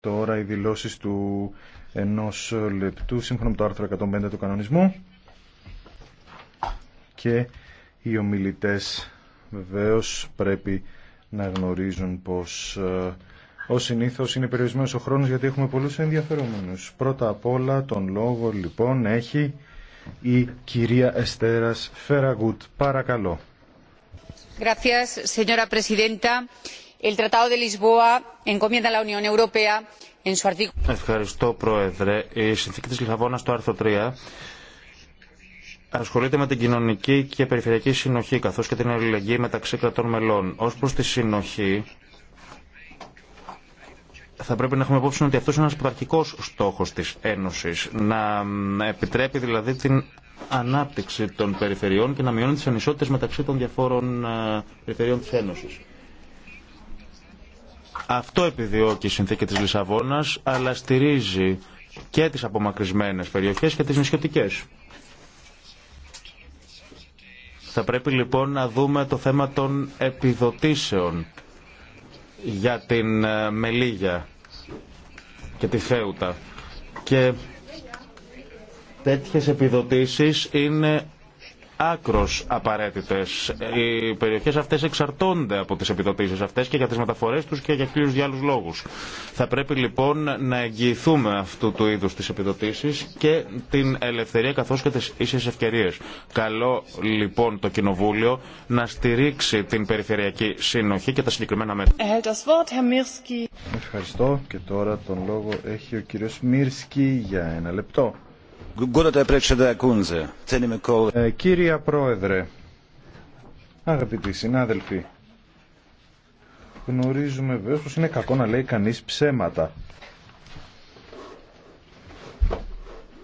τώρα οι δηλώσεις του ενός λεπτού σύμφωνα με το άρθρο 105 του κανονισμού και οι ομιλητές βεβαίως πρέπει να γνωρίζουν πως ο ε, συνήθως είναι περιορισμένος ο χρόνος γιατί έχουμε πολλούς ενδιαφερόμενους. Πρώτα απ' όλα τον λόγο λοιπόν έχει η κυρία Εστέρας Φεραγούτ. Παρακαλώ. Gracias, señora presidenta. Ευχαριστώ, Πρόεδρε. Η συνθήκη της Λισαβόνας στο άρθρο 3 ασχολείται με την κοινωνική και περιφερειακή συνοχή καθώς και την αλληλεγγύη μεταξύ κρατών μελών. Ως προς τη συνοχή θα πρέπει να έχουμε υπόψη ότι αυτός είναι ένας πρωταρχικός στόχος της Ένωσης. Να επιτρέπει δηλαδή την ανάπτυξη των περιφερειών και να μειώνει τις ανισότητες μεταξύ των διαφόρων ε, περιφερειών της Ένωσης. Αυτό επιδιώκει η συνθήκη της Λισαβόνας, αλλά στηρίζει και τις απομακρυσμένες περιοχές και τις νησιωτικές. Θα πρέπει λοιπόν να δούμε το θέμα των επιδοτήσεων για την ε, Μελίγια και τη Θέουτα. Και τέτοιες επιδοτήσεις είναι άκρος απαραίτητες. Οι περιοχές αυτές εξαρτώνται από τις επιδοτήσεις αυτές και για τις μεταφορές τους και για για διάλους λόγους. Θα πρέπει λοιπόν να εγγυηθούμε αυτού του είδους τις επιδοτήσεις και την ελευθερία καθώς και τις ίσες ευκαιρίες. Καλό λοιπόν το Κοινοβούλιο να στηρίξει την περιφερειακή συνοχή και τα συγκεκριμένα μέτρα. Ε, Ευχαριστώ και τώρα τον λόγο έχει ο κύριος Μύρσκι για ένα λεπτό. Ε, κύριε Πρόεδρε, αγαπητοί συνάδελφοι, γνωρίζουμε βέβαια πως είναι κακό να λέει κανείς ψέματα.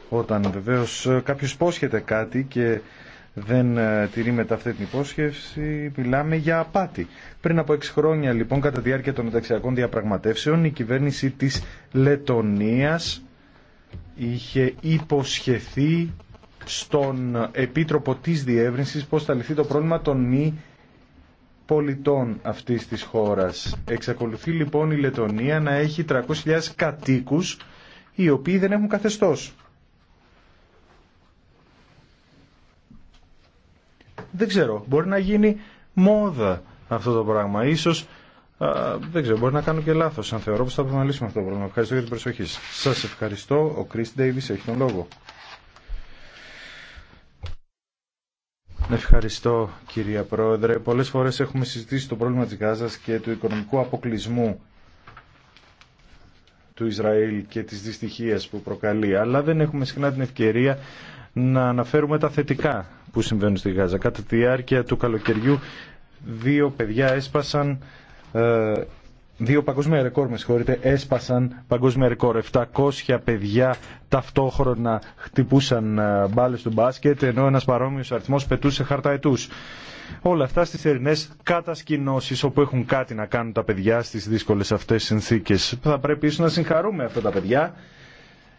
Όταν βεβαίως ε, κάποιος υπόσχεται κάτι και δεν ε, τηρεί μετά αυτή την υπόσχευση, μιλάμε για απάτη. Πριν από 6 χρόνια λοιπόν κατά τη διάρκεια των μεταξιακών διαπραγματεύσεων η κυβέρνηση της Λετωνίας είχε υποσχεθεί στον Επίτροπο της Διεύρυνσης πώς θα λυθεί το πρόβλημα των μη πολιτών αυτής της χώρας. Εξακολουθεί λοιπόν η Λετωνία να έχει 300.000 κατοίκους οι οποίοι δεν έχουν καθεστώς. Δεν ξέρω, μπορεί να γίνει μόδα αυτό το πράγμα. Ίσως δεν ξέρω, μπορεί να κάνω και λάθο αν θεωρώ πω θα πρέπει να λύσουμε αυτό το πρόβλημα. Ευχαριστώ για την προσοχή σα. Σα ευχαριστώ. Ο Κρι Ντέιβι έχει τον λόγο. Ευχαριστώ κυρία Πρόεδρε. Πολλέ φορέ έχουμε συζητήσει το πρόβλημα τη Γάζας και του οικονομικού αποκλεισμού του Ισραήλ και της δυστυχίας που προκαλεί. Αλλά δεν έχουμε συχνά την ευκαιρία να αναφέρουμε τα θετικά που συμβαίνουν στη Γάζα. Κατά τη διάρκεια του καλοκαιριού δύο παιδιά έσπασαν ε, δύο παγκόσμια ρεκόρ, με συγχωρείτε, έσπασαν παγκόσμια ρεκόρ. 700 παιδιά ταυτόχρονα χτυπούσαν ε, μπάλε του μπάσκετ, ενώ ένας παρόμοιος αριθμό πετούσε χαρταετού. Όλα αυτά στις θερινές κατασκηνώσεις όπου έχουν κάτι να κάνουν τα παιδιά στις δύσκολε αυτές συνθήκες. Θα πρέπει ίσω να συγχαρούμε αυτά τα παιδιά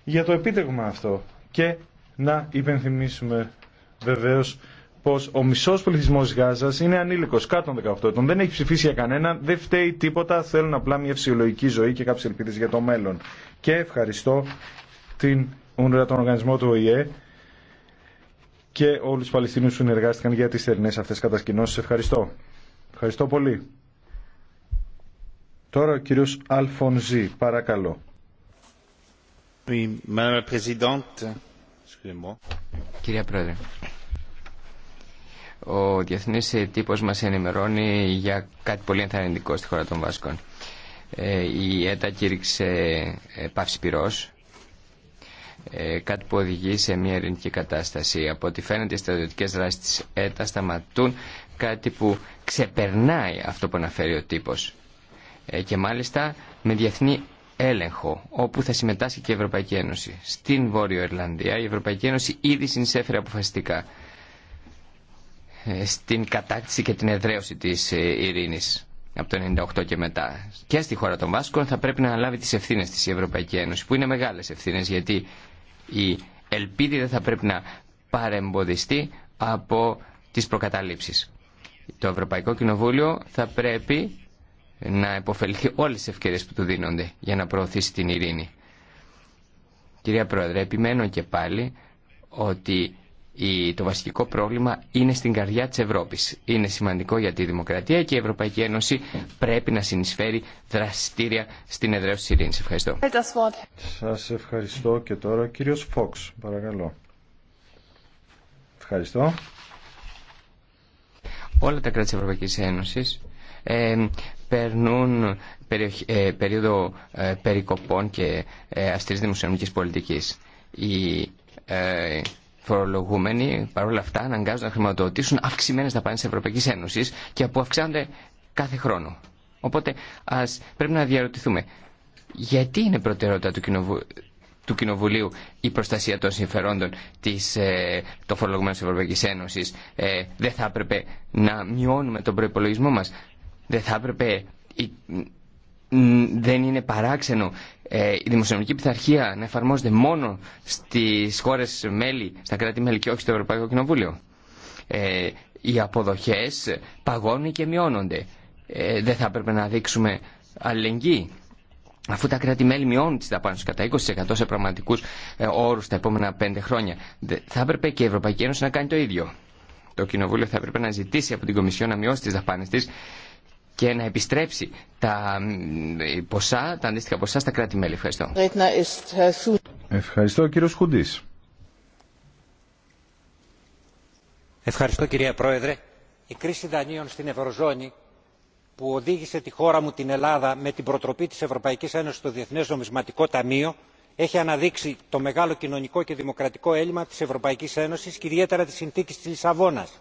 για το επίτευγμα αυτό και να υπενθυμίσουμε βεβαίω. Πώ ο μισό πληθυσμό Γάζα είναι ανήλικο κάτω των 18 ετών, δεν έχει ψηφίσει για κανέναν, δεν φταίει τίποτα, θέλουν απλά μια φυσιολογική ζωή και κάποιε ελπίδε για το μέλλον. Και ευχαριστώ την UNRWA, τον οργανισμό του ΟΗΕ και όλου του Παλαιστινίου που συνεργάστηκαν για τι θερινέ αυτέ κατασκηνώσει. Ευχαριστώ. Ευχαριστώ πολύ. Τώρα ο κύριο Αλφονζή, παρακαλώ. Oui, Madame la Présidente, Κυρία Πρόεδρε, ο διεθνή τύπο μα ενημερώνει για κάτι πολύ ενθαρρυντικό στη χώρα των Βάσκων. Ε, η ΕΤΑ κήρυξε ε, παύση πυρός, ε, κάτι που οδηγεί σε μια ειρηνική κατάσταση. Από ό,τι φαίνεται οι στρατιωτικέ δράσει τη ΕΤΑ σταματούν κάτι που ξεπερνάει αυτό που αναφέρει ο τύπος. Και μάλιστα με διεθνή έλεγχο, όπου θα συμμετάσχει και η Ευρωπαϊκή Ένωση. Στην Βόρειο Ιρλανδία η Ευρωπαϊκή Ένωση ήδη συνεισέφερε αποφασιστικά στην κατάκτηση και την εδραίωση της ε, ειρήνης από το 1998 και μετά. Και στη χώρα των Βάσκων θα πρέπει να αναλάβει τις ευθύνες της η Ευρωπαϊκή Ένωση, που είναι μεγάλες ευθύνες, γιατί η ελπίδη δεν θα πρέπει να παρεμποδιστεί από τις προκαταλήψεις. Το Ευρωπαϊκό Κοινοβούλιο θα πρέπει να υποφελθεί όλες τις ευκαιρίες που του δίνονται για να προωθήσει την ειρήνη. Κυρία Πρόεδρε, επιμένω και πάλι ότι το βασικό πρόβλημα είναι στην καρδιά της Ευρώπης. Είναι σημαντικό για τη δημοκρατία και η Ευρωπαϊκή Ένωση πρέπει να συνεισφέρει δραστήρια στην εδραίωση της ειρήνης. Ευχαριστώ. Σας ευχαριστώ και τώρα κύριος Φόξ, παρακαλώ. Ευχαριστώ. Όλα τα κράτη της Ευρωπαϊκής Ένωσης ε, περνούν ε, περίοδο ε, περικοπών και ε, δημοσιονομική δημοσιονομικής πολιτικής. Η, ε, φορολογούμενοι παρόλα αυτά αναγκάζονται να χρηματοδοτήσουν αυξημένε δαπάνε τη Ευρωπαϊκή Ένωση και που αυξάνονται κάθε χρόνο. Οπότε α πρέπει να διαρωτηθούμε, γιατί είναι προτεραιότητα του, Κοινοβουλίου η προστασία των συμφερόντων της, ε, των φορολογουμένων τη Ευρωπαϊκή Ένωση, ε, δεν θα έπρεπε να μειώνουμε τον προπολογισμό μα, δεν θα έπρεπε δεν είναι παράξενο ε, η δημοσιονομική πειθαρχία να εφαρμόζεται μόνο στις χώρες μέλη, στα κράτη-μέλη και όχι στο Ευρωπαϊκό Κοινοβούλιο. Ε, οι αποδοχές παγώνουν και μειώνονται. Ε, δεν θα έπρεπε να δείξουμε αλληλεγγύη. Αφού τα κράτη-μέλη μειώνουν τις δαπάνε κατά 20% σε πραγματικούς ε, όρου τα επόμενα πέντε χρόνια, θα έπρεπε και η Ευρωπαϊκή Ένωση να κάνει το ίδιο. Το Κοινοβούλιο θα έπρεπε να ζητήσει από την Κομισιόν να μειώσει τι δαπάνε τη και να επιστρέψει τα ποσά, τα αντίστοιχα ποσά στα κράτη-μέλη. Ευχαριστώ. Ευχαριστώ κύριε Ευχαριστώ κυρία Πρόεδρε. Η κρίση δανείων στην Ευρωζώνη που οδήγησε τη χώρα μου την Ελλάδα με την προτροπή της Ευρωπαϊκής Ένωσης στο Διεθνές Νομισματικό Ταμείο έχει αναδείξει το μεγάλο κοινωνικό και δημοκρατικό έλλειμμα της Ευρωπαϊκής Ένωσης και ιδιαίτερα της συνθήκης της Λισαβόνας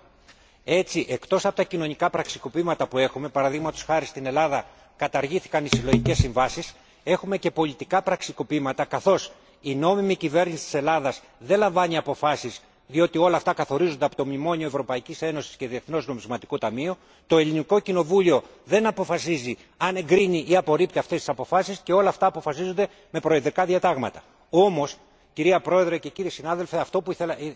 έτσι εκτός από τα κοινωνικά πραξικοπήματα που έχουμε παραδείγματος χάρη στην ελλάδα καταργήθηκαν οι συλλογικές συμβάσεις έχουμε και πολιτικά πραξικοπήματα καθώς η νόμιμη κυβέρνηση της ελλάδας δεν λαμβάνει αποφάσεις διότι όλα αυτά καθορίζονται από το μνημόνιο ευρωπαϊκής ένωσης και Διεθνώς νομισματικό ταμείο το ελληνικό κοινοβούλιο δεν αποφασίζει αν εγκρίνει ή απορρίπτει αυτές τις αποφάσεις και όλα αυτά αποφασίζονται με προεδρικά διατάγματα. όμως κυρία πρόεδρε και κύριοι ε,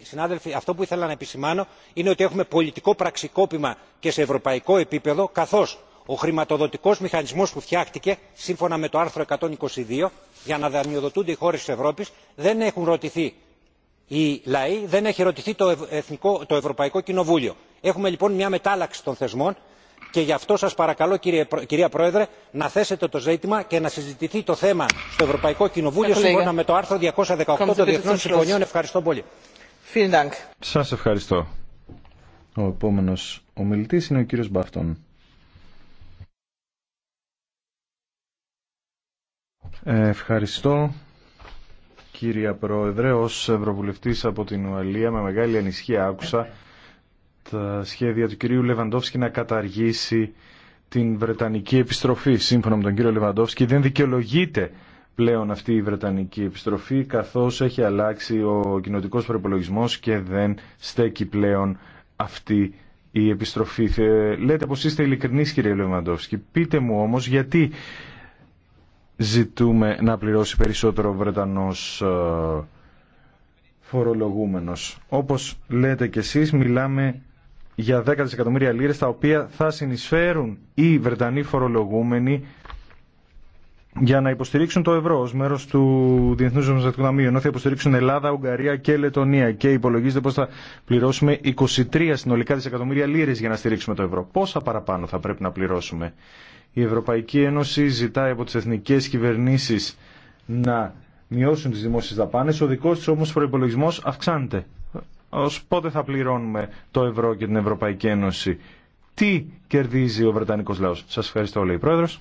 συνάδελφοι αυτό που ήθελα να επισημάνω είναι ότι έχουμε πολιτικό πραξικόπημα και σε ευρωπαϊκό επίπεδο καθώς ο χρηματοδοτικός μηχανισμός που φτιάχτηκε σύμφωνα με το άρθρο 122 για να δανειοδοτούνται οι χώρες της ευρώπης δεν έχουν ρωτηθεί οι λαοί δεν έχει ρωτηθεί το ευρωπαϊκό κοινοβούλιο. έχουμε λοιπόν μια μετάλλαξη των θεσμών και γι' αυτό σας παρακαλώ κυρία πρόεδρε να θέσετε το ζήτημα και να συζητηθεί το θέμα στο ευρωπαϊκό κοινοβούλιο σύμφωνα με το άρθρο 218 των διεθνών συμφωνιών. Ευχαριστώ πολύ. Σας ευχαριστώ. Ο επόμενος ομιλητής είναι ο κύριος Μπάφτον. Ευχαριστώ κύρια Πρόεδρε. Ως Ευρωβουλευτής από την Ουαλία με μεγάλη ανησυχία άκουσα τα σχέδια του κυρίου Λεβαντόφσκι να καταργήσει την Βρετανική επιστροφή. Σύμφωνα με τον κύριο Λεβαντόφσκι δεν δικαιολογείται πλέον αυτή η Βρετανική επιστροφή καθώς έχει αλλάξει ο κοινοτικός προπολογισμό και δεν στέκει πλέον αυτή η επιστροφή. Ε, λέτε πως είστε ειλικρινείς κύριε Λεβαντόφσκι. Πείτε μου όμως γιατί ζητούμε να πληρώσει περισσότερο ο Βρετανός ε, φορολογούμενος. Όπως λέτε κι εσείς μιλάμε για 10 δισεκατομμύρια λίρε τα οποία θα συνεισφέρουν οι Βρετανοί φορολογούμενοι για να υποστηρίξουν το ευρώ ω μέρο του Διεθνού Νομισματικού Ταμείου ενώ θα υποστηρίξουν Ελλάδα, Ουγγαρία και Λετωνία και υπολογίζεται πώ θα πληρώσουμε 23 συνολικά δισεκατομμύρια λίρε για να στηρίξουμε το ευρώ. Πόσα παραπάνω θα πρέπει να πληρώσουμε. Η Ευρωπαϊκή Ένωση ζητάει από τι εθνικέ κυβερνήσει να μειώσουν τι δημόσιε δαπάνε, ο δικό τη όμω προπολογισμό αυξάνεται ως πότε θα πληρώνουμε το ευρώ και την Ευρωπαϊκή Ένωση. Τι κερδίζει ο Βρετανικός λαός. Σας ευχαριστώ, λέει Πρόεδρος.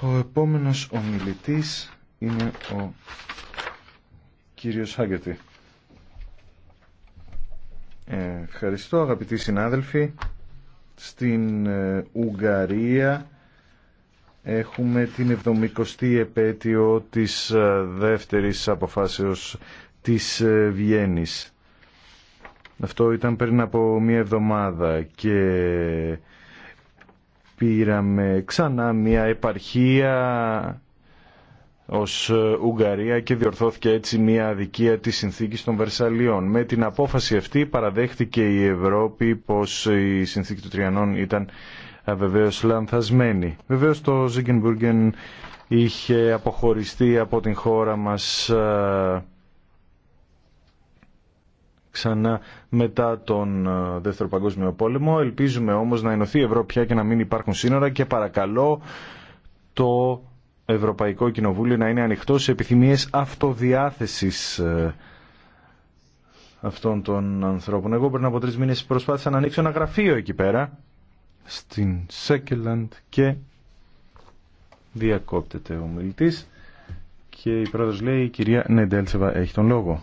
Ο επόμενος ομιλητής είναι ο κύριος Χάγκετη. Ε, ευχαριστώ αγαπητοί συνάδελφοι. Στην ε, Ουγγαρία έχουμε την 70η επέτειο της ε, δεύτερης αποφάσεως της ε, Βιέννης. Αυτό ήταν πριν από μία εβδομάδα και πήραμε ξανά μία επαρχία ως ε, Ουγγαρία και διορθώθηκε έτσι μία αδικία της συνθήκης των Βερσαλιών. Με την απόφαση αυτή παραδέχτηκε η Ευρώπη πως η συνθήκη του Τριανών ήταν βεβαίω λανθασμένη. Βεβαίω το Ζίγκενμπουργκεν είχε αποχωριστεί από την χώρα μας ε, ξανά μετά τον ε, Δεύτερο Παγκόσμιο Πόλεμο. Ελπίζουμε όμως να ενωθεί η Ευρώπη πια και να μην υπάρχουν σύνορα και παρακαλώ το Ευρωπαϊκό Κοινοβούλιο να είναι ανοιχτό σε επιθυμίες αυτοδιάθεσης ε, αυτών των ανθρώπων. Εγώ πριν από τρεις μήνες προσπάθησα να ανοίξω ένα γραφείο εκεί πέρα στην Σέκελαντ και διακόπτεται ο μιλητής και η πρόεδρος λέει η κυρία Νεντέλσεβα έχει τον λόγο.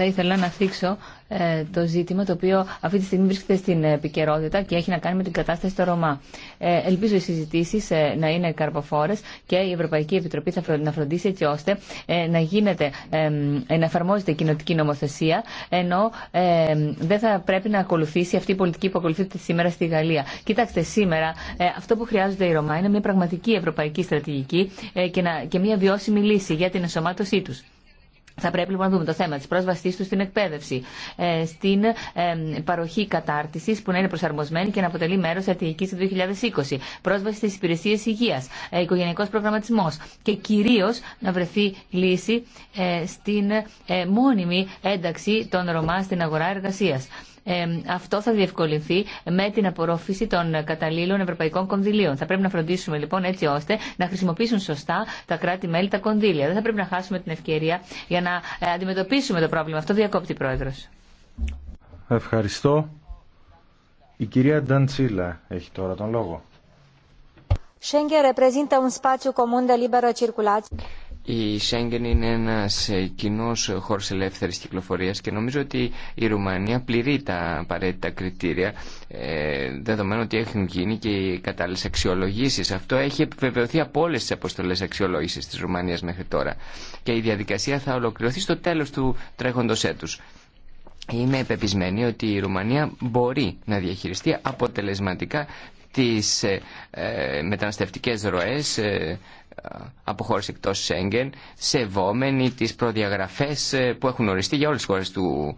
θα ήθελα να θίξω ε, το ζήτημα το οποίο αυτή τη στιγμή βρίσκεται στην επικαιρότητα και έχει να κάνει με την κατάσταση στο Ρωμά. Ε, ελπίζω οι συζητήσει ε, να είναι καρποφόρε και η Ευρωπαϊκή Επιτροπή θα φροντίσει έτσι ώστε να, γίνεται, να εφαρμόζεται κοινοτική νομοθεσία ενώ δεν θα πρέπει να ακολουθήσει αυτή η πολιτική που ακολουθείται σήμερα στη Γαλλία. Κοιτάξτε, σήμερα αυτό που χρειάζονται οι Ρωμά είναι μια πραγματική ευρωπαϊκή στρατηγική και, και μια βιώσιμη λύση για την ενσωμάτωσή του. Θα πρέπει λοιπόν να δούμε το θέμα τη πρόσβασή του στην εκπαίδευση, ε, στην παροχή κατάρτιση που να είναι προσαρμοσμένη και να αποτελεί μέρο στρατηγική του 2020, πρόσβαση στι υπηρεσίε υγεία, ε, οικογενειακό προγραμματισμό και κυρίω να βρεθεί λύση ε, στην μόνιμη ένταξη των Ρωμά στην αγορά εργασία αυτό θα διευκολυνθεί με την απορρόφηση των καταλήλων ευρωπαϊκών κονδυλίων. Θα πρέπει να φροντίσουμε λοιπόν έτσι ώστε να χρησιμοποιήσουν σωστά τα κράτη-μέλη τα κονδύλια. Δεν θα πρέπει να χάσουμε την ευκαιρία για να ε, αντιμετωπίσουμε το πρόβλημα. Αυτό διακόπτει πρόεδρο. Ευχαριστώ. Η κυρία Νταντσίλα έχει τώρα τον λόγο. Η Σέγγεν είναι ένας ε, κοινό χώρος ελεύθερης κυκλοφορίας και νομίζω ότι η Ρουμανία πληρεί τα απαραίτητα κριτήρια ε, δεδομένου ότι έχουν γίνει και οι κατάλληλες αξιολογήσεις. Αυτό έχει επιβεβαιωθεί από όλες τις αποστολές αξιολόγησης της Ρουμανίας μέχρι τώρα και η διαδικασία θα ολοκληρωθεί στο τέλος του τρέχοντος έτους. Είμαι επεπισμένη ότι η Ρουμανία μπορεί να διαχειριστεί αποτελεσματικά τις ε, μεταναστευτικές ροές από χώρες εκτός Σέγγεν, σεβόμενοι τις προδιαγραφές ε, που έχουν οριστεί για όλες τις χώρες του,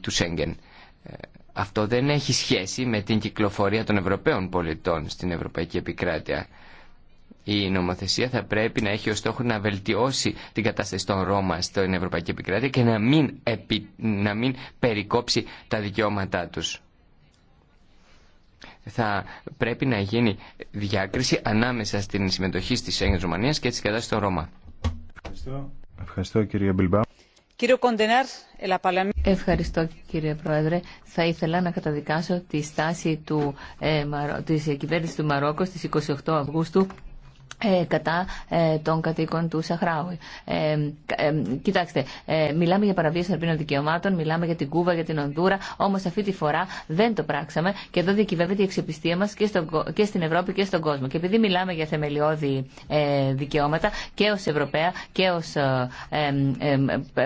του Σέγγεν. Ε, αυτό δεν έχει σχέση με την κυκλοφορία των Ευρωπαίων πολιτών στην Ευρωπαϊκή Επικράτεια. Η νομοθεσία θα πρέπει να έχει ως στόχο να βελτιώσει την κατάσταση των Ρώμα στην Ευρωπαϊκή Επικράτεια και να μην, επι... να περικόψει τα δικαιώματά τους θα πρέπει να γίνει διάκριση ανάμεσα στην συμμετοχή στι Έγκες Ρουμανία και τη κατάσταση των Ρώμα. Ευχαριστώ. Ευχαριστώ κύριε Μπιλμπά. Ευχαριστώ κύριε Πρόεδρε. Θα ήθελα να καταδικάσω τη στάση του, ε, της κυβέρνησης του Μαρόκο στις 28 Αυγούστου ε, κατά ε, των κατοίκων του Σαχράου. Ε, ε, κοιτάξτε, ε, μιλάμε για παραβίαση των δικαιωμάτων, μιλάμε για την Κούβα, για την Ονδούρα, όμω αυτή τη φορά δεν το πράξαμε και εδώ διακυβεύεται η εξεπιστία μα και, και, στην Ευρώπη και στον κόσμο. Και επειδή μιλάμε για θεμελιώδη δικαιώματα και ω Ευρωπαία και ω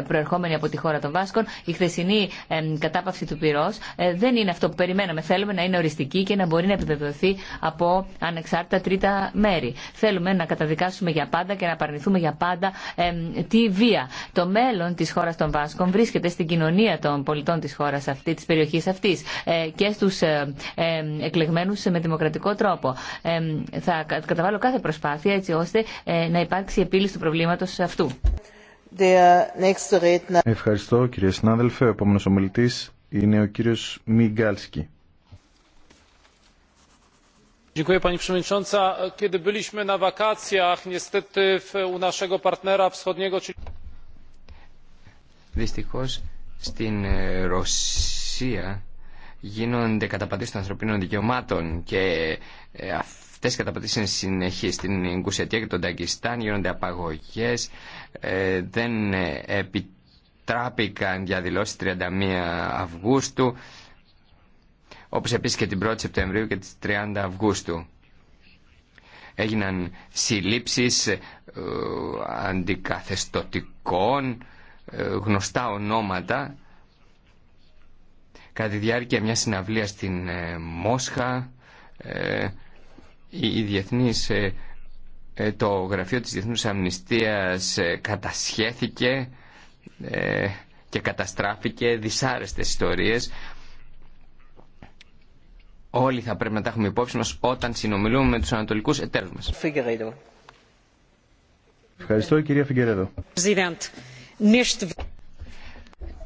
προερχόμενοι από τη χώρα των Βάσκων, η χθεσινή κατάπαυση του πυρό δεν είναι αυτό που περιμέναμε. Θέλουμε να είναι οριστική και να μπορεί να επιβεβαιωθεί από ανεξάρτητα τρίτα μέρη θέλουμε να καταδικάσουμε για πάντα και να παρνηθούμε για πάντα ε, τη βία. Το μέλλον τη χώρα των Βάσκων βρίσκεται στην κοινωνία των πολιτών τη χώρα αυτή, τη περιοχή αυτή ε, και στου ε, εκλεγμένου με δημοκρατικό τρόπο. θα καταβάλω κάθε προσπάθεια έτσι ώστε ε, να υπάρξει επίλυση του προβλήματο αυτού. Ευχαριστώ κύριε συνάδελφε. Ο επόμενο ομιλητή είναι ο κύριο Μιγκάλσκι pani przewodnicząca! kiedy byliśmy na wakacjach niestety u naszego partnera wschodniego czyli. στην ε, ρωσία γίνονται καταπατήσεις των ανθρωπίνων δικαιωμάτων και ε, αυτές οι καταπατήσεις είναι συνεχείς στην Κουσιατία και τον Ταγκιστάν γίνονται απαγωγές ε, δεν επιτράπηκαν διαδηλώσεις 31 Αυγούστου όπως επίσης και την 1η Σεπτεμβρίου και τις 30 Αυγούστου. Έγιναν συλλήψεις ε, αντικαθεστωτικών, ε, γνωστά ονόματα, κατά τη διάρκεια μια συναυλία στην ε, Μόσχα, ε, η, η διεθνής, ε, το γραφείο της Διεθνούς Αμνηστίας κατασχέθηκε και καταστράφηκε δυσάρεστες ιστορίες όλοι θα πρέπει να τα έχουμε υπόψη μας όταν συνομιλούμε με τους ανατολικούς εταίρους μας. Ευχαριστώ κυρία Φιγκερέδο.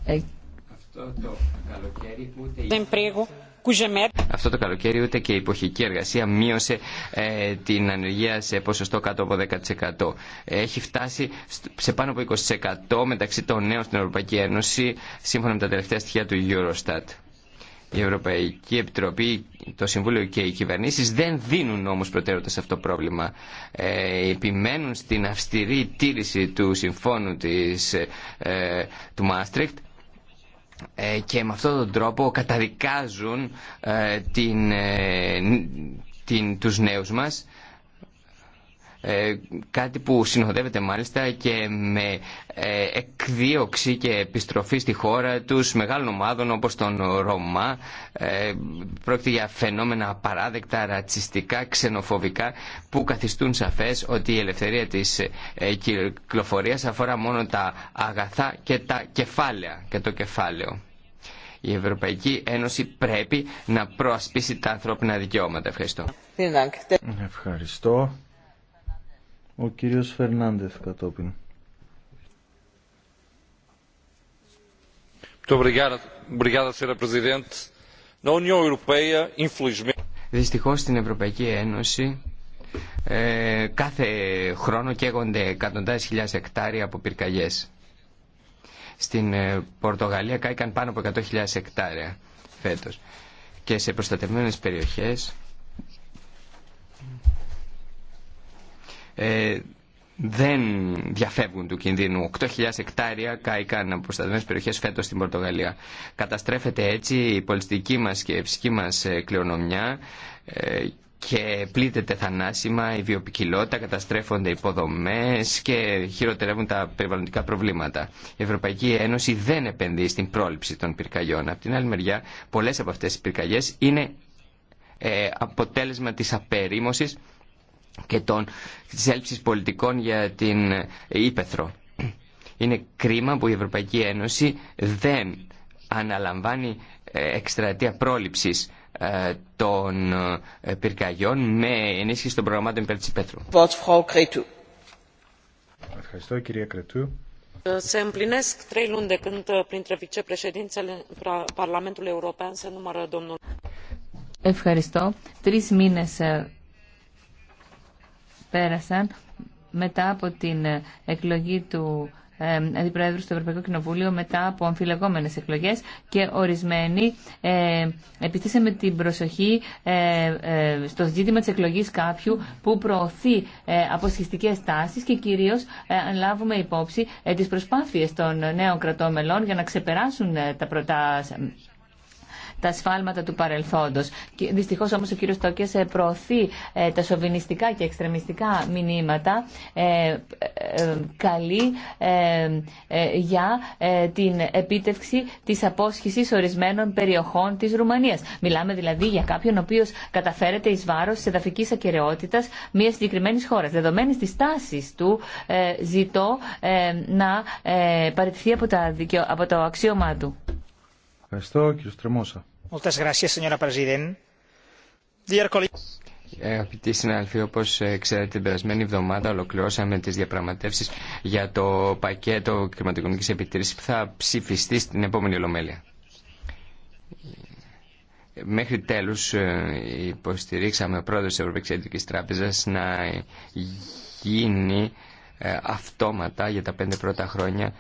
Ε, Αυτό το καλοκαίρι ούτε και η εποχική εργασία μείωσε ε, την ανεργία σε ποσοστό κάτω από 10%. Έχει φτάσει σε πάνω από 20% μεταξύ των νέων στην Ευρωπαϊκή Ένωση σύμφωνα με τα τελευταία στοιχεία του Eurostat η Ευρωπαϊκή Επιτροπή, το Συμβούλιο και οι κυβερνήσεις δεν δίνουν όμως προτεραιότητα σε αυτό το πρόβλημα. Ε, επιμένουν στην αυστηρή τήρηση του συμφώνου της, ε, του Μάστριχτ ε, και με αυτόν τον τρόπο καταδικάζουν την, την, τους νέους μας ε, κάτι που συνοδεύεται μάλιστα και με ε, εκδίωξη και επιστροφή στη χώρα τους μεγάλων ομάδων όπως τον Ρωμά. Ε, πρόκειται για φαινόμενα απαράδεκτα, ρατσιστικά, ξενοφοβικά που καθιστούν σαφές ότι η ελευθερία της κυκλοφορίας αφορά μόνο τα αγαθά και τα κεφάλαια και το κεφάλαιο. Η Ευρωπαϊκή Ένωση πρέπει να προασπίσει τα ανθρώπινα δικαιώματα. Ευχαριστώ. Ο κύριος Φερνάντεθ κατόπιν. Δυστυχώς στην Ευρωπαϊκή Ένωση ε, κάθε χρόνο καίγονται εκατοντάδες χιλιάδες εκτάρια από πυρκαγιές. Στην ε, Πορτογαλία κάηκαν πάνω από 100.000 εκτάρια φέτος. Και σε προστατευμένες περιοχές ε, δεν διαφεύγουν του κινδύνου. 8.000 εκτάρια κάηκαν από προστατευμένε περιοχέ φέτο στην Πορτογαλία. Καταστρέφεται έτσι η πολιτική μα και η ψυχή μα ε, κληρονομιά ε, και πλήττεται θανάσιμα η βιοπικιλότητα, καταστρέφονται υποδομές και χειροτερεύουν τα περιβαλλοντικά προβλήματα. Η Ευρωπαϊκή Ένωση δεν επενδύει στην πρόληψη των πυρκαγιών. Από την άλλη μεριά, πολλές από αυτές τις πυρκαγιές είναι ε, αποτέλεσμα της απερίμωσης και των, της έλλειψης πολιτικών για την ε, Ήπεθρο. Είναι κρίμα που η Ευρωπαϊκή Ένωση δεν αναλαμβάνει ε, εκστρατεία πρόληψης ε, των πυρκαγιών με ενίσχυση των προγραμμάτων υπέρ της Ήπεθρου. Ευχαριστώ κυρία Κρετού. Se împlinesc trei luni de când uh, printre vicepreședințele uh, Parlamentului European se numără domnul. Ευχαριστώ. Τρεις μήνες uh, πέρασαν μετά από την εκλογή του αντιπροέδρου στο Ευρωπαϊκό Κοινοβούλιο μετά από αμφιλεγόμενες εκλογές και ορισμένοι ε, επιστήσαμε την προσοχή ε, ε, στο ζήτημα της εκλογής κάποιου που προωθεί ε, αποσχιστικές τάσεις και κυρίως ε, αν λάβουμε υπόψη τις προσπάθειες των νέων κρατών μελών για να ξεπεράσουν τα, προτάσεις τα σφάλματα του παρελθόντο. Δυστυχώ όμω ο κύριο Τόκια ε, προωθεί ε, τα σοβινιστικά και εξτρεμιστικά μηνύματα. Ε, καλή για την επίτευξη τη απόσχηση ορισμένων περιοχών τη Ρουμανία. Μιλάμε δηλαδή για κάποιον ο οποίο καταφέρεται ει βάρο τη εδαφική ακαιρεότητα μια συγκεκριμένη χώρα. Δεδομένη τη τάση του, ζητώ να παραιτηθεί από το αξίωμά του. Ευχαριστώ κύριο Τρεμόσα. Αγαπητοί συνάδελφοι, όπω ε, ξέρετε, την περασμένη εβδομάδα ολοκληρώσαμε τι διαπραγματεύσει για το πακέτο κρηματοοικονομική επιτήρηση που θα ψηφιστεί στην επόμενη Ολομέλεια. Μέχρι τέλους ε, υποστηρίξαμε ο πρόεδρος της Ευρωπαϊκής Κεντρικής Τράπεζας να γίνει ε, αυτόματα για τα πέντε πρώτα χρόνια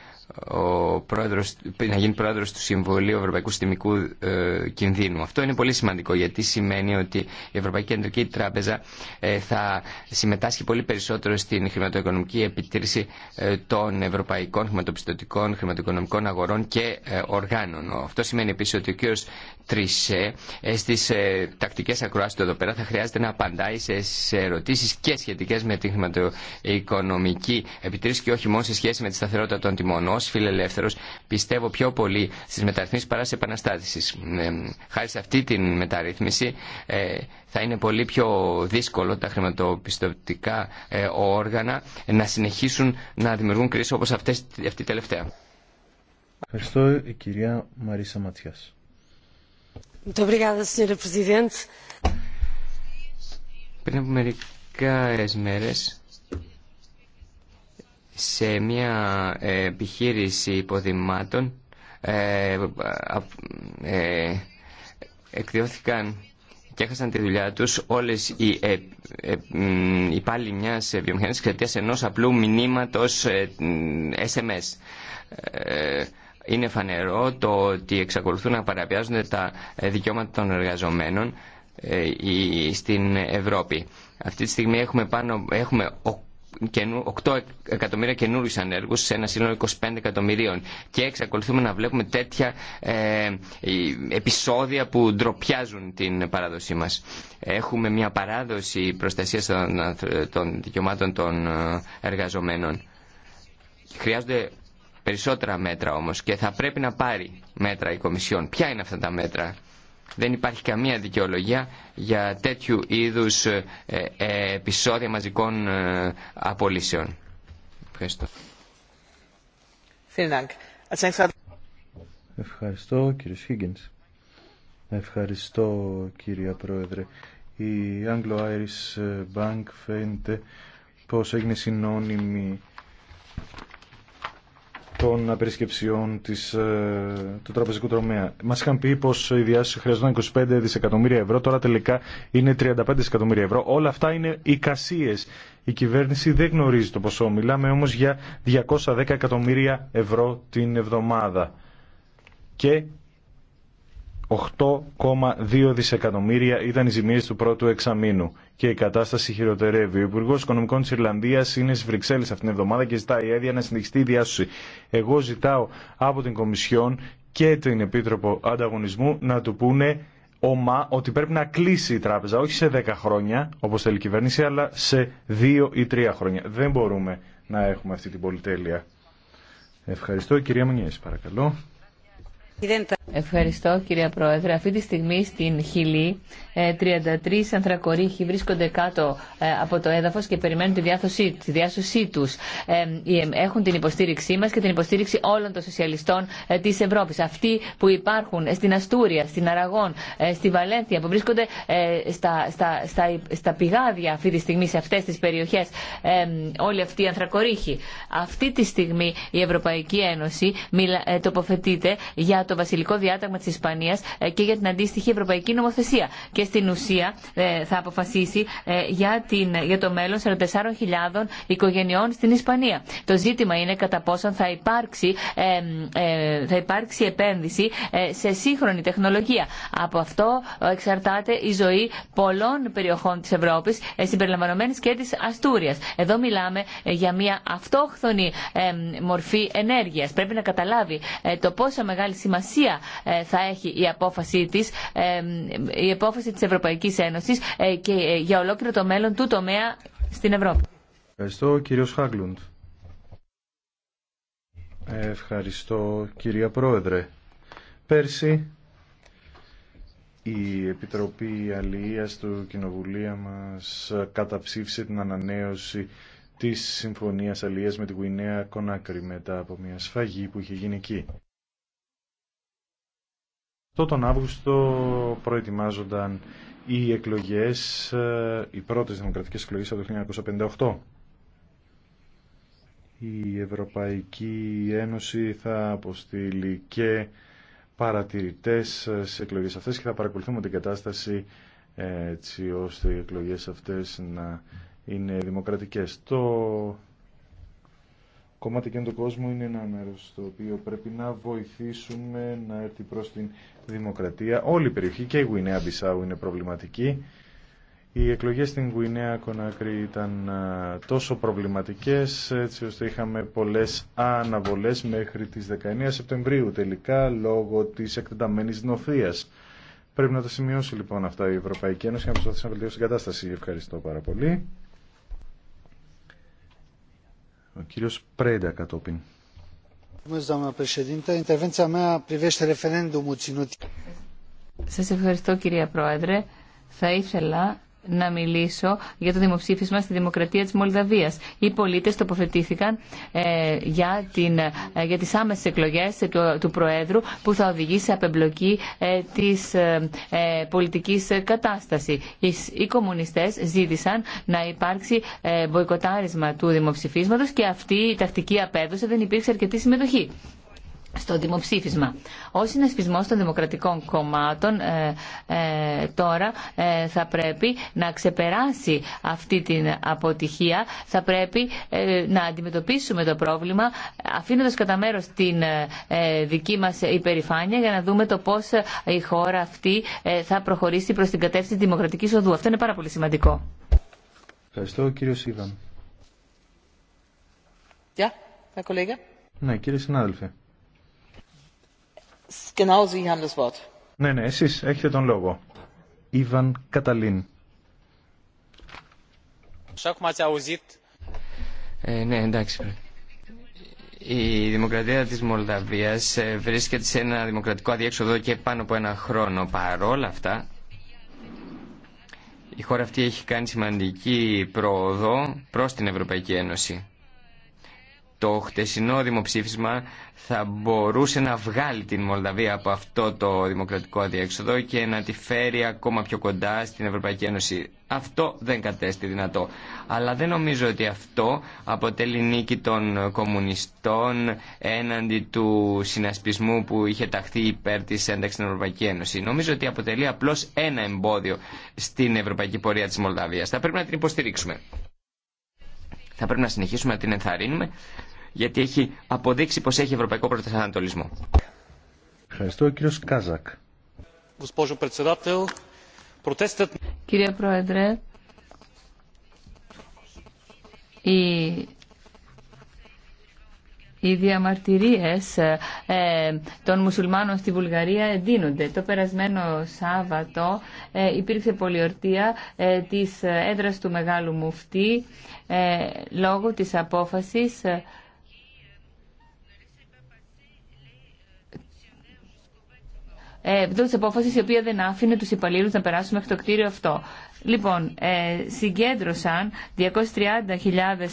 ο πρόεδρος, να γίνει πρόεδρος του Συμβουλίου Ευρωπαϊκού Συστημικού ε, Κινδύνου. Αυτό είναι πολύ σημαντικό γιατί σημαίνει ότι η Ευρωπαϊκή Κεντρική Τράπεζα ε, θα συμμετάσχει πολύ περισσότερο στην χρηματοοικονομική επιτήρηση των ευρωπαϊκών χρηματοπιστωτικών, χρηματοοικονομικών αγορών και οργάνων. Αυτό σημαίνει επίση ότι ο κ. Τρισέ στι τακτικέ ακροάσει του εδώ πέρα θα χρειάζεται να απαντάει σε ερωτήσει και σχετικέ με την χρηματοοικονομική πολιτική και όχι μόνο σε σχέση με τη σταθερότητα των τιμών. Ω φιλελεύθερο, πιστεύω πιο πολύ στι μεταρρυθμίσει παρά σε επαναστάσεις. Ε, χάρη σε αυτή τη μεταρρύθμιση, ε, θα είναι πολύ πιο δύσκολο τα χρηματοπιστωτικά ε, όργανα να συνεχίσουν να δημιουργούν κρίσει όπω αυτή τελευταία. Ευχαριστώ, η κυρία Μαρίσα Ματιάς. Πριν από μερικά μέρες σε μια ε, επιχείρηση υποδημάτων ε, ε, εκδιώθηκαν και έχασαν τη δουλειά τους όλες οι ε, ε, υπάλληλοι μιας βιομηχανικής εξαιτίας ενός απλού μηνύματος SMS. είναι φανερό το ότι εξακολουθούν να παραβιάζονται τα δικαιώματα των εργαζομένων στην Ευρώπη. Αυτή τη στιγμή έχουμε, πάνω, έχουμε 8 εκατομμύρια καινούριου ανέργου σε ένα σύνολο 25 εκατομμυρίων. Και εξακολουθούμε να βλέπουμε τέτοια ε, επεισόδια που ντροπιάζουν την παράδοσή μα. Έχουμε μια παράδοση προστασία των, των δικαιωμάτων των ε, εργαζομένων. Χρειάζονται περισσότερα μέτρα όμως και θα πρέπει να πάρει μέτρα η Κομισιόν. Ποια είναι αυτά τα μέτρα δεν υπάρχει καμία δικαιολογία για τέτοιου είδους ε, ε, επεισόδια μαζικών ε, απολύσεων. Ευχαριστώ. Ευχαριστώ κύριε Higgins. Ευχαριστώ κύριε Πρόεδρε. Η Anglo-Irish Bank φαίνεται πως έγινε συνώνυμη των απερισκεψιών της, ε, του τραπεζικού τρομέα. Μα είχαν πει πω οι διάσει χρειαζόταν 25 δισεκατομμύρια ευρώ, τώρα τελικά είναι 35 δισεκατομμύρια ευρώ. Όλα αυτά είναι εικασίε. Η κυβέρνηση δεν γνωρίζει το ποσό. Μιλάμε όμω για 210 εκατομμύρια ευρώ την εβδομάδα. Και 8,2 δισεκατομμύρια ήταν οι ζημίε του πρώτου εξαμήνου και η κατάσταση χειροτερεύει. Ο Υπουργό Οικονομικών τη Ιρλανδία είναι στι Βρυξέλλε αυτήν την εβδομάδα και ζητάει έδεια να συνεχιστεί η διάσωση. Εγώ ζητάω από την Κομισιόν και την Επίτροπο Ανταγωνισμού να του πούνε ομά ότι πρέπει να κλείσει η τράπεζα όχι σε 10 χρόνια όπω θέλει η κυβέρνηση αλλά σε 2 ή 3 χρόνια. Δεν μπορούμε να έχουμε αυτή την πολυτέλεια. Ευχαριστώ. Κυρία Μουνιέση, παρακαλώ. Ευχαριστώ κυρία Πρόεδρε. Αυτή τη στιγμή στην Χιλή 33 ε, ανθρακορίχοι βρίσκονται κάτω ε, από το έδαφος και περιμένουν τη διάσωσή, του. τους. Ε, έχουν την υποστήριξή μας και την υποστήριξη όλων των σοσιαλιστών της Ευρώπης. Αυτοί που υπάρχουν στην Αστούρια, στην Αραγόν, στη Βαλένθια που βρίσκονται στα, στα, στα, στα πηγάδια αυτή τη στιγμή σε αυτές τις περιοχές όλοι αυτοί οι ανθρακορίχοι. Αυτή τη στιγμή η Ευρωπαϊκή Ένωση τοποθετείται για το βασιλικό διάταγμα της Ισπανίας ε, και για την αντίστοιχη ευρωπαϊκή νομοθεσία. Και στην ουσία ε, θα αποφασίσει ε, για, την, για το μέλλον 44.000 οικογενειών στην Ισπανία. Το ζήτημα είναι κατά πόσον θα υπάρξει, θα επένδυση σε σύγχρονη τεχνολογία. Από αυτό εξαρτάται η ζωή πολλών περιοχών της Ευρώπης, συμπεριλαμβανομένης και της Αστούριας. Εδώ μιλάμε για μια αυτόχθονη μορφή ενέργειας. Πρέπει να καταλάβει το πόσο μεγάλη σημασία ε, θα έχει η απόφαση της, ε, η απόφαση της Ευρωπαϊκής Ένωσης ε, και για ολόκληρο το μέλλον του τομέα στην Ευρώπη. Ευχαριστώ κύριος Χάγκλουντ. Ευχαριστώ κυρία Πρόεδρε. Πέρσι η Επιτροπή Αλληλείας του Κοινοβουλία μας καταψήφισε την ανανέωση της Συμφωνίας Αλληλείας με την Γουινέα Κονάκρη μετά από μια σφαγή που είχε γίνει εκεί. Το τον Αύγουστο προετοιμάζονταν οι εκλογές, ε, οι πρώτες δημοκρατικές εκλογές από το 1958. Η Ευρωπαϊκή Ένωση θα αποστείλει και παρατηρητές σε εκλογές αυτές και θα παρακολουθούμε την κατάσταση ε, έτσι ώστε οι εκλογές αυτές να είναι δημοκρατικές. Το κομμάτι και του κόσμου είναι ένα μέρος στο οποίο πρέπει να βοηθήσουμε να έρθει προς την δημοκρατία. Όλη η περιοχή και η Γουινέα Μπισάου είναι προβληματική. Οι εκλογές στην Γουινέα Κονάκρη ήταν τόσο προβληματικές έτσι ώστε είχαμε πολλές αναβολές μέχρι τις 19 Σεπτεμβρίου τελικά λόγω της εκτεταμένης νοθείας. Πρέπει να το σημειώσει λοιπόν αυτά η Ευρωπαϊκή Ένωση για να προσπαθήσει να βελτιώσει την κατάσταση. Ευχαριστώ πάρα πολύ κατόπιν. Σας ευχαριστώ κυρία Πρόεδρε. Θα ήθελα να μιλήσω για το δημοψήφισμα στη Δημοκρατία της Μολδαβίας. Οι πολίτες τοποθετήθηκαν ε, για, την, ε, για τις άμεσες εκλογές ε, του, του Προέδρου που θα οδηγήσει σε απεμπλοκή ε, της ε, ε, πολιτικής κατάσταση. Οι, οι κομμουνιστές ζήτησαν να υπάρξει μποϊκοτάρισμα του δημοψηφίσματος και αυτή η τακτική απέδωσε, δεν υπήρξε αρκετή συμμετοχή στο δημοψήφισμα. Ο συνασπισμό των δημοκρατικών κομμάτων ε, ε τώρα ε, θα πρέπει να ξεπεράσει αυτή την αποτυχία. Θα πρέπει ε, να αντιμετωπίσουμε το πρόβλημα αφήνοντας κατά μέρο την δική μας υπερηφάνεια για να δούμε το πώς η χώρα αυτή θα προχωρήσει προς την κατεύθυνση δημοκρατικής οδού. Αυτό είναι πάρα πολύ σημαντικό. Ευχαριστώ κύριο Σίβαν. ναι, κύριε συνάδελφε. Ναι, ναι, εσείς έχετε τον λόγο. Ιβαν Καταλίν. Ε, ναι, εντάξει. Η δημοκρατία της Μολδαβίας ε, βρίσκεται σε ένα δημοκρατικό αδιέξοδο και πάνω από ένα χρόνο. Παρόλα αυτά, η χώρα αυτή έχει κάνει σημαντική πρόοδο προς την Ευρωπαϊκή Ένωση το χτεσινό δημοψήφισμα θα μπορούσε να βγάλει την Μολδαβία από αυτό το δημοκρατικό αδιέξοδο και να τη φέρει ακόμα πιο κοντά στην Ευρωπαϊκή Ένωση. Αυτό δεν κατέστη δυνατό. Αλλά δεν νομίζω ότι αυτό αποτελεί νίκη των κομμουνιστών έναντι του συνασπισμού που είχε ταχθεί υπέρ της ένταξης στην Ευρωπαϊκή Ένωση. Νομίζω ότι αποτελεί απλώς ένα εμπόδιο στην ευρωπαϊκή πορεία της Μολδαβίας. Θα πρέπει να την υποστηρίξουμε θα πρέπει να συνεχίσουμε να την ενθαρρύνουμε γιατί έχει αποδείξει πως έχει ευρωπαϊκό προσανατολισμό. Ευχαριστώ κύριος Κάζακ. Κύριε Πρόεδρε, η οι διαμαρτυρίες ε, ε, των μουσουλμάνων στη Βουλγαρία εντείνονται. Το περασμένο Σάββατο ε, υπήρξε πολιορτία της έδρας του Μεγάλου Μουφτή λόγω της απόφασης ε, τη απόφαση η οποία δεν άφηνε του υπαλλήλου να περάσουν μέχρι το κτίριο αυτό. Λοιπόν, ε, συγκέντρωσαν 230.000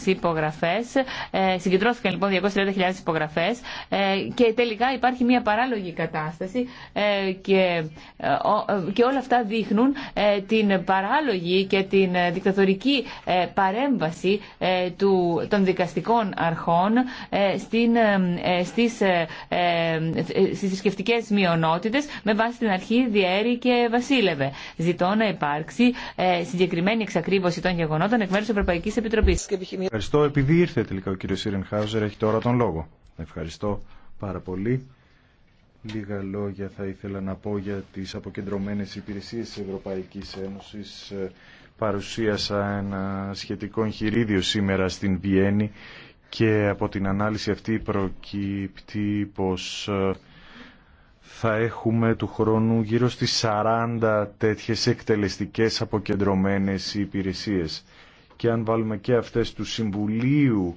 υπογραφές, ε, συγκεντρώθηκαν λοιπόν 230.000 υπογραφές ε, και τελικά υπάρχει μια παράλογη κατάσταση και, και όλα αυτά δείχνουν την παράλογη και την δικτατορική παρέμβαση του, των δικαστικών αρχών στην, στις, στις θρησκευτικέ μειονότητες με βάση την αρχή διέρη και βασίλευε. Ζητώ να υπάρξει ε, συγκεκριμένη εξακρίβωση των γεγονότων εκ μέρου τη Ευρωπαϊκή Επιτροπή. Ευχαριστώ. Επειδή ήρθε τελικά ο κύριο Σίρεν Χάουζερ, έχει τώρα τον λόγο. Ευχαριστώ πάρα πολύ. Λίγα λόγια θα ήθελα να πω για τις αποκεντρωμένες υπηρεσίες τη Ευρωπαϊκής Ένωσης. Ε, παρουσίασα ένα σχετικό εγχειρίδιο σήμερα στην Βιέννη και από την ανάλυση αυτή προκύπτει πως ε, θα έχουμε του χρόνου γύρω στις 40 τέτοιες εκτελεστικές αποκεντρωμένες υπηρεσίες. Και αν βάλουμε και αυτές του Συμβουλίου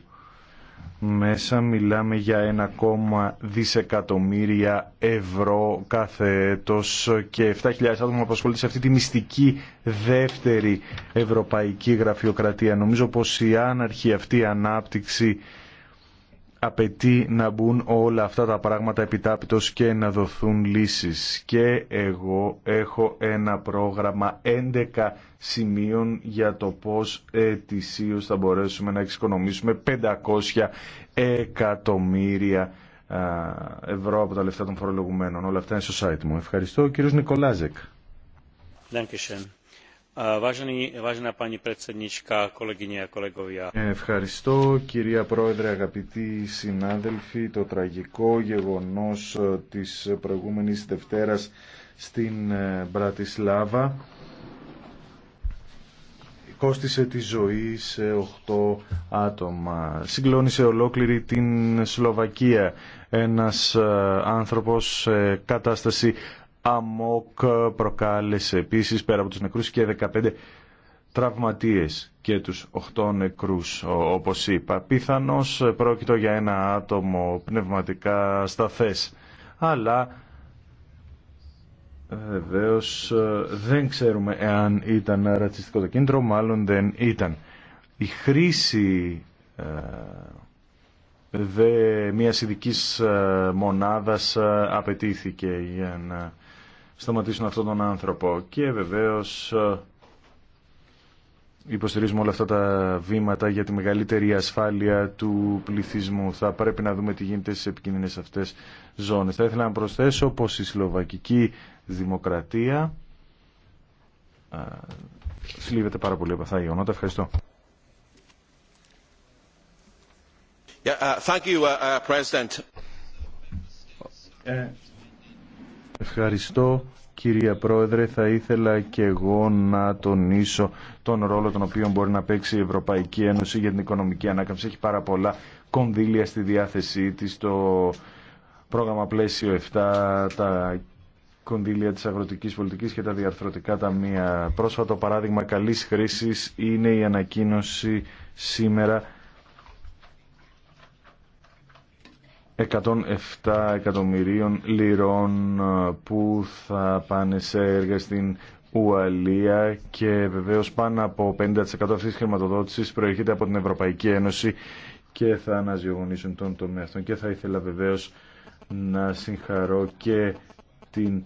μέσα μιλάμε για 1,2 δισεκατομμύρια ευρώ κάθε έτος και 7.000 άτομα που σε αυτή τη μυστική δεύτερη ευρωπαϊκή γραφειοκρατία. Νομίζω πως η άναρχη αυτή ανάπτυξη απαιτεί να μπουν όλα αυτά τα πράγματα επιτάπητος και να δοθούν λύσεις. Και εγώ έχω ένα πρόγραμμα 11 σημείων για το πώς ετησίως θα μπορέσουμε να εξοικονομήσουμε 500 εκατομμύρια ευρώ από τα λεφτά των φορολογουμένων. Όλα αυτά είναι στο site μου. Ευχαριστώ. Ο κύριος Νικολάζεκ. Ε, ε, ευχαριστώ κυρία Πρόεδρε, αγαπητοί συνάδελφοι. Το τραγικό γεγονός ε, της προηγούμενης Δευτέρας στην Μπρατισλάβα κόστισε τη ζωή σε 8 άτομα. Συγκλώνησε ολόκληρη την Σλοβακία ένας άνθρωπος σε κατάσταση αμόκ προκάλεσε επίσης πέρα από τους νεκρούς και 15 τραυματίες και τους 8 νεκρούς όπως είπα. Πιθανώς πρόκειτο για ένα άτομο πνευματικά σταθές. Αλλά ε, βεβαίω ε, δεν ξέρουμε εάν ήταν ρατσιστικό το κίνητρο, μάλλον δεν ήταν. Η χρήση ε, δε μιας ειδικής μονάδας απαιτήθηκε για να σταματήσουν αυτόν τον άνθρωπο. Και βεβαίως ε, υποστηρίζουμε όλα αυτά τα βήματα για τη μεγαλύτερη ασφάλεια του πληθυσμού. Θα πρέπει να δούμε τι γίνεται στις επικίνδυνες αυτές ζώνες. Θα ήθελα να προσθέσω πως η Σλοβακική Δημοκρατία ε, θλίβεται πάρα πολύ από αυτά Ευχαριστώ. Yeah, uh, thank you, uh, uh, President. Ε, Ευχαριστώ κυρία Πρόεδρε. Θα ήθελα και εγώ να τονίσω τον ρόλο τον οποίο μπορεί να παίξει η Ευρωπαϊκή Ένωση για την οικονομική ανάκαμψη. Έχει πάρα πολλά κονδύλια στη διάθεσή της. Το πρόγραμμα πλαίσιο 7, τα κονδύλια της αγροτικής πολιτικής και τα διαρθρωτικά ταμεία. Πρόσφατο παράδειγμα καλής χρήσης είναι η ανακοίνωση σήμερα 107 εκατομμυρίων λιρών ε, που θα πάνε σε έργα στην Ουαλία και βεβαίως πάνω από 50% αυτής της χρηματοδότησης προέρχεται από την Ευρωπαϊκή Ένωση και θα αναζυγονίσουν τον τομέα αυτόν και θα ήθελα βεβαίως να συγχαρώ και την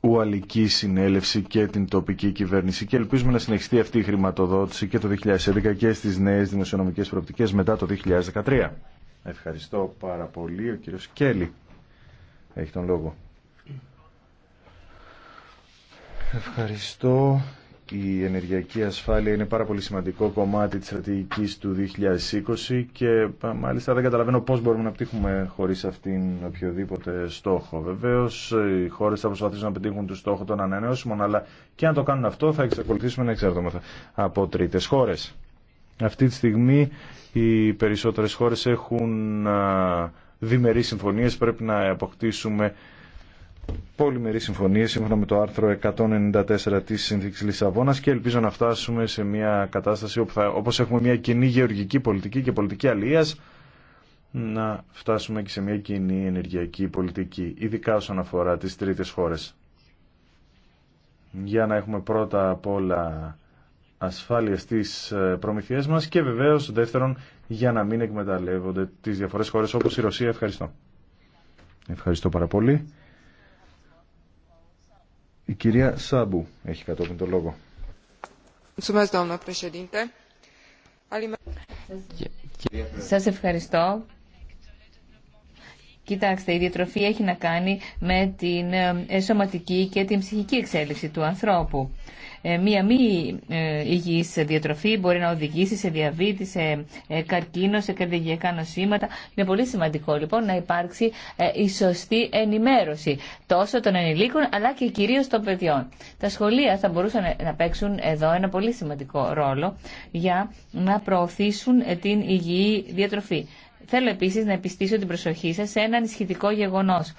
Ουαλική Συνέλευση και την τοπική κυβέρνηση και ελπίζουμε να συνεχιστεί αυτή η χρηματοδότηση και το 2011 και στις νέες δημοσιονομικές προοπτικές μετά το 2013. Ευχαριστώ πάρα πολύ. Ο κύριος Κέλλη έχει τον λόγο. Ευχαριστώ. Η ενεργειακή ασφάλεια είναι πάρα πολύ σημαντικό κομμάτι της στρατηγικής του 2020 και μάλιστα δεν καταλαβαίνω πώς μπορούμε να πτύχουμε χωρίς αυτήν οποιοδήποτε στόχο. Βεβαίως οι χώρες θα προσπαθήσουν να πετύχουν το στόχο των ανανεώσιμων αλλά και αν το κάνουν αυτό θα εξακολουθήσουμε να εξαρτώμεθα από τρίτες χώρες. Αυτή τη στιγμή οι περισσότερες χώρες έχουν διμερείς συμφωνίες, πρέπει να αποκτήσουμε πολυμερείς συμφωνίες σύμφωνα με το άρθρο 194 της Συνθήκης Λισαβόνας και ελπίζω να φτάσουμε σε μια κατάσταση όπου θα, όπως έχουμε μια κοινή γεωργική πολιτική και πολιτική αλληλείας να φτάσουμε και σε μια κοινή ενεργειακή πολιτική, ειδικά όσον αφορά τις τρίτες χώρες. Για να έχουμε πρώτα απ' όλα ασφάλεια στι ε, προμηθειέ μας και βεβαίως δεύτερον για να μην εκμεταλλεύονται τις διαφορέ χώρε όπως η Ρωσία. Ευχαριστώ. Ευχαριστώ πάρα πολύ. Η κυρία Σάμπου έχει κατόπιν το λόγο. Σας ευχαριστώ. Κοιτάξτε, η διατροφή έχει να κάνει με την ε, σωματική και την ψυχική εξέλιξη του ανθρώπου. Ε, μία μη ε, υγιής διατροφή μπορεί να οδηγήσει σε διαβήτη, σε καρκίνο, σε καρδιακά νοσήματα. Είναι πολύ σημαντικό λοιπόν να υπάρξει η σωστή ενημέρωση τόσο των ενηλίκων αλλά και κυρίως των παιδιών. Τα σχολεία θα μπορούσαν να παίξουν εδώ ένα πολύ σημαντικό ρόλο για να προωθήσουν την υγιή διατροφή. Θέλω επίσης να επιστήσω την προσοχή σας σε ένα ανισχυτικό γεγονός.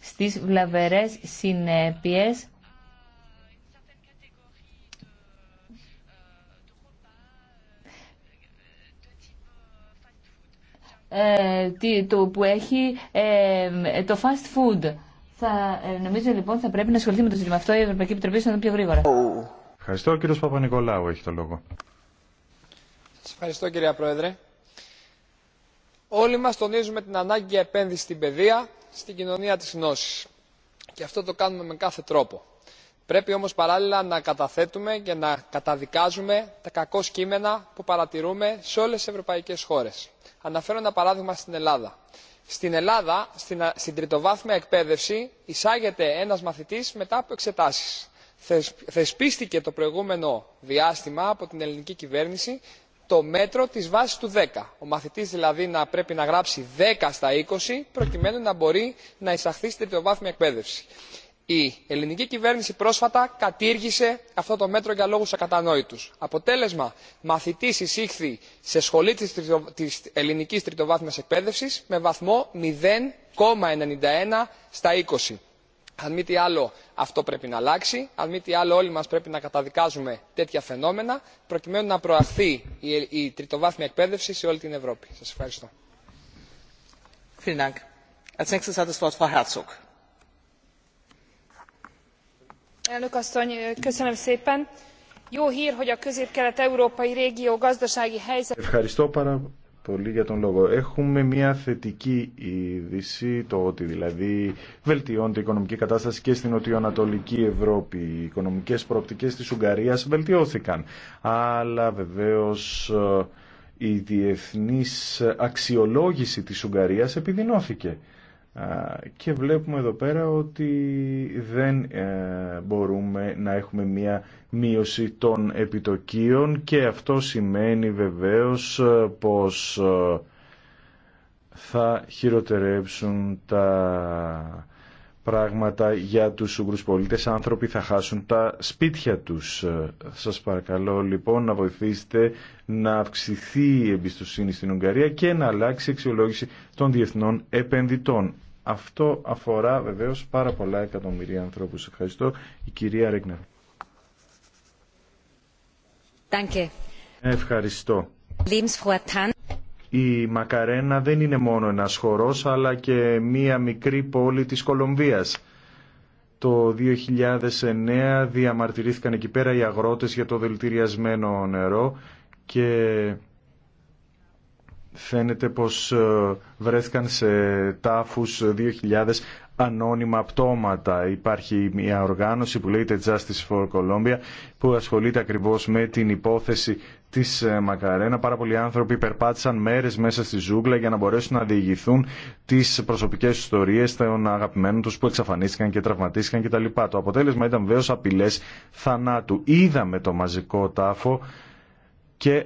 Στις βλαβερές συνέπειες ε, το που έχει ε, το fast food. Θα, ε, νομίζω λοιπόν θα πρέπει να ασχοληθεί με το ζήτημα αυτό η Ευρωπαϊκή Επιτροπή πιο γρήγορα. Ευχαριστώ. Ο κύριος Παπα-Νικολάου έχει το λόγο. Σας ευχαριστώ κυρία Πρόεδρε όλοι μας τονίζουμε την ανάγκη για επένδυση στην παιδεία στην κοινωνία της γνώσης και αυτό το κάνουμε με κάθε τρόπο. πρέπει όμως παράλληλα να καταθέτουμε και να καταδικάζουμε τα κακό κείμενα που παρατηρούμε σε όλες τις ευρωπαϊκές χώρες. αναφέρω ένα παράδειγμα στην ελλάδα. στην ελλάδα στην τριτοβάθμια εκπαίδευση εισάγεται ένας μαθητής μετά από εξετάσεις. θεσπίστηκε το προηγούμενο διάστημα από την ελληνική κυβέρνηση το μέτρο της βάσης του 10. Ο μαθητής δηλαδή να πρέπει να γράψει 10 στα 20 προκειμένου να μπορεί να εισαχθεί στην τριτοβάθμια εκπαίδευση. Η ελληνική κυβέρνηση πρόσφατα κατήργησε αυτό το μέτρο για λόγους ακατανόητους. Αποτέλεσμα, μαθητής εισήχθη σε σχολή της, τριτο... της ελληνικής τριτοβάθμιας εκπαίδευσης με βαθμό 0,91 στα 20 αν μη τι άλλο αυτό πρέπει να αλλάξει αν μη τι άλλο όλοι μας πρέπει να καταδικάζουμε τέτοια φαινόμενα προκειμένου να προαχθεί η τριτοβάθμια εκπαίδευση σε όλη την ευρώπη. σας ευχαριστώ πολύ για τον λόγο. Έχουμε μια θετική είδηση, το ότι δηλαδή βελτιώνεται η οικονομική κατάσταση και στην νοτιοανατολική Ευρώπη. Οι οικονομικές προοπτικές της Ουγγαρίας βελτιώθηκαν. Αλλά βεβαίως ε, η διεθνής αξιολόγηση της Ουγγαρίας επιδεινώθηκε και βλέπουμε εδώ πέρα ότι δεν ε, μπορούμε να έχουμε μία μείωση των επιτοκίων και αυτό σημαίνει βεβαίως ε, πως ε, θα χειροτερέψουν τα πράγματα για τους Ουγγρούς πολίτες. Άνθρωποι θα χάσουν τα σπίτια τους. Σας παρακαλώ λοιπόν να βοηθήσετε να αυξηθεί η εμπιστοσύνη στην Ουγγαρία και να αλλάξει η αξιολόγηση των διεθνών επενδυτών. Αυτό αφορά βεβαίως πάρα πολλά εκατομμυρία ανθρώπους. Ευχαριστώ. Η κυρία Ρίγνερ. Ευχαριστώ. Η Μακαρένα δεν είναι μόνο ένας χορός, αλλά και μία μικρή πόλη της Κολομβίας. Το 2009 διαμαρτυρήθηκαν εκεί πέρα οι αγρότες για το δηλητηριασμένο νερό και φαίνεται πως ε, βρέθηκαν σε τάφους 2.000 ανώνυμα πτώματα. Υπάρχει μια οργάνωση που λέγεται Justice for Colombia που ασχολείται ακριβώς με την υπόθεση της ε, Μακαρένα. Πάρα πολλοί άνθρωποι περπάτησαν μέρες μέσα στη ζούγκλα για να μπορέσουν να διηγηθούν τις προσωπικές ιστορίες των αγαπημένων τους που εξαφανίστηκαν και τραυματίστηκαν κτλ. Το αποτέλεσμα ήταν βέβαιως απειλές θανάτου. Είδαμε το μαζικό τάφο και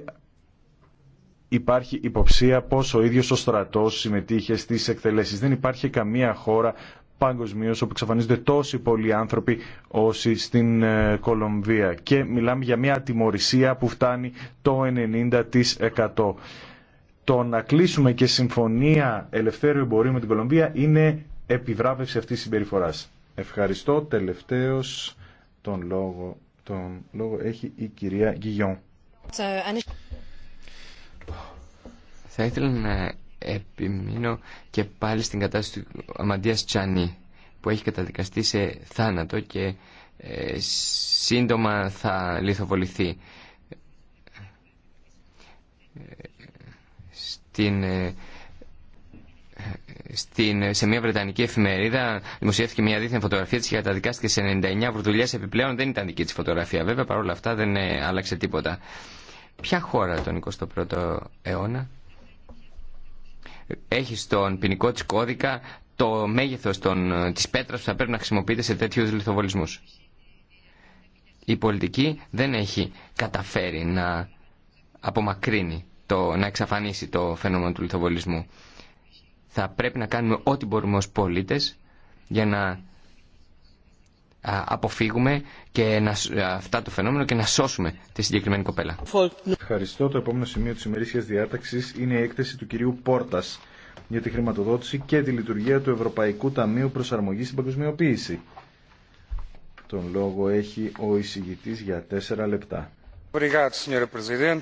υπάρχει υποψία πως ο ίδιος ο στρατός συμμετείχε στις εκτελέσεις. Δεν υπάρχει καμία χώρα παγκοσμίω όπου εξαφανίζονται τόσοι πολλοί άνθρωποι όσοι στην ε, Κολομβία. Και μιλάμε για μια ατιμορρησία που φτάνει το 90%. Το να κλείσουμε και συμφωνία ελευθέρου εμπορίου με την Κολομβία είναι επιβράβευση αυτής της συμπεριφοράς. Ευχαριστώ. Τελευταίος τον λόγο, τον λόγο έχει η κυρία Γκυγιόν. Θα ήθελα να επιμείνω και πάλι στην κατάσταση του Αμαντίας Τσάνι που έχει καταδικαστεί σε θάνατο και ε, σύντομα θα λιθοβοληθεί. Ε, στην, ε, στην, σε μια βρετανική εφημερίδα δημοσιεύτηκε μια δίθεν φωτογραφία της και καταδικάστηκε σε 99 βροντουλιές επιπλέον δεν ήταν δική της φωτογραφία βέβαια παρόλα αυτά δεν άλλαξε τίποτα ποια χώρα τον 21ο αιώνα έχει στον ποινικό τη κώδικα το μέγεθο ε, τη πέτρα που θα πρέπει να χρησιμοποιείται σε τέτοιους λιθοβολισμού. Η πολιτική δεν έχει καταφέρει να απομακρύνει, το, να εξαφανίσει το φαινόμενο του λιθοβολισμού. Θα πρέπει να κάνουμε ό,τι μπορούμε ως πολίτες για να αποφύγουμε και να, αυτά το φαινόμενο και να σώσουμε τη συγκεκριμένη κοπέλα. Ευχαριστώ. Το επόμενο σημείο της ημερήσιας διάταξης είναι η έκθεση του κυρίου Πόρτας για τη χρηματοδότηση και τη λειτουργία του Ευρωπαϊκού Ταμείου Προσαρμογής στην Παγκοσμιοποίηση. Τον λόγο έχει ο εισηγητής για τέσσερα λεπτά. Obrigado,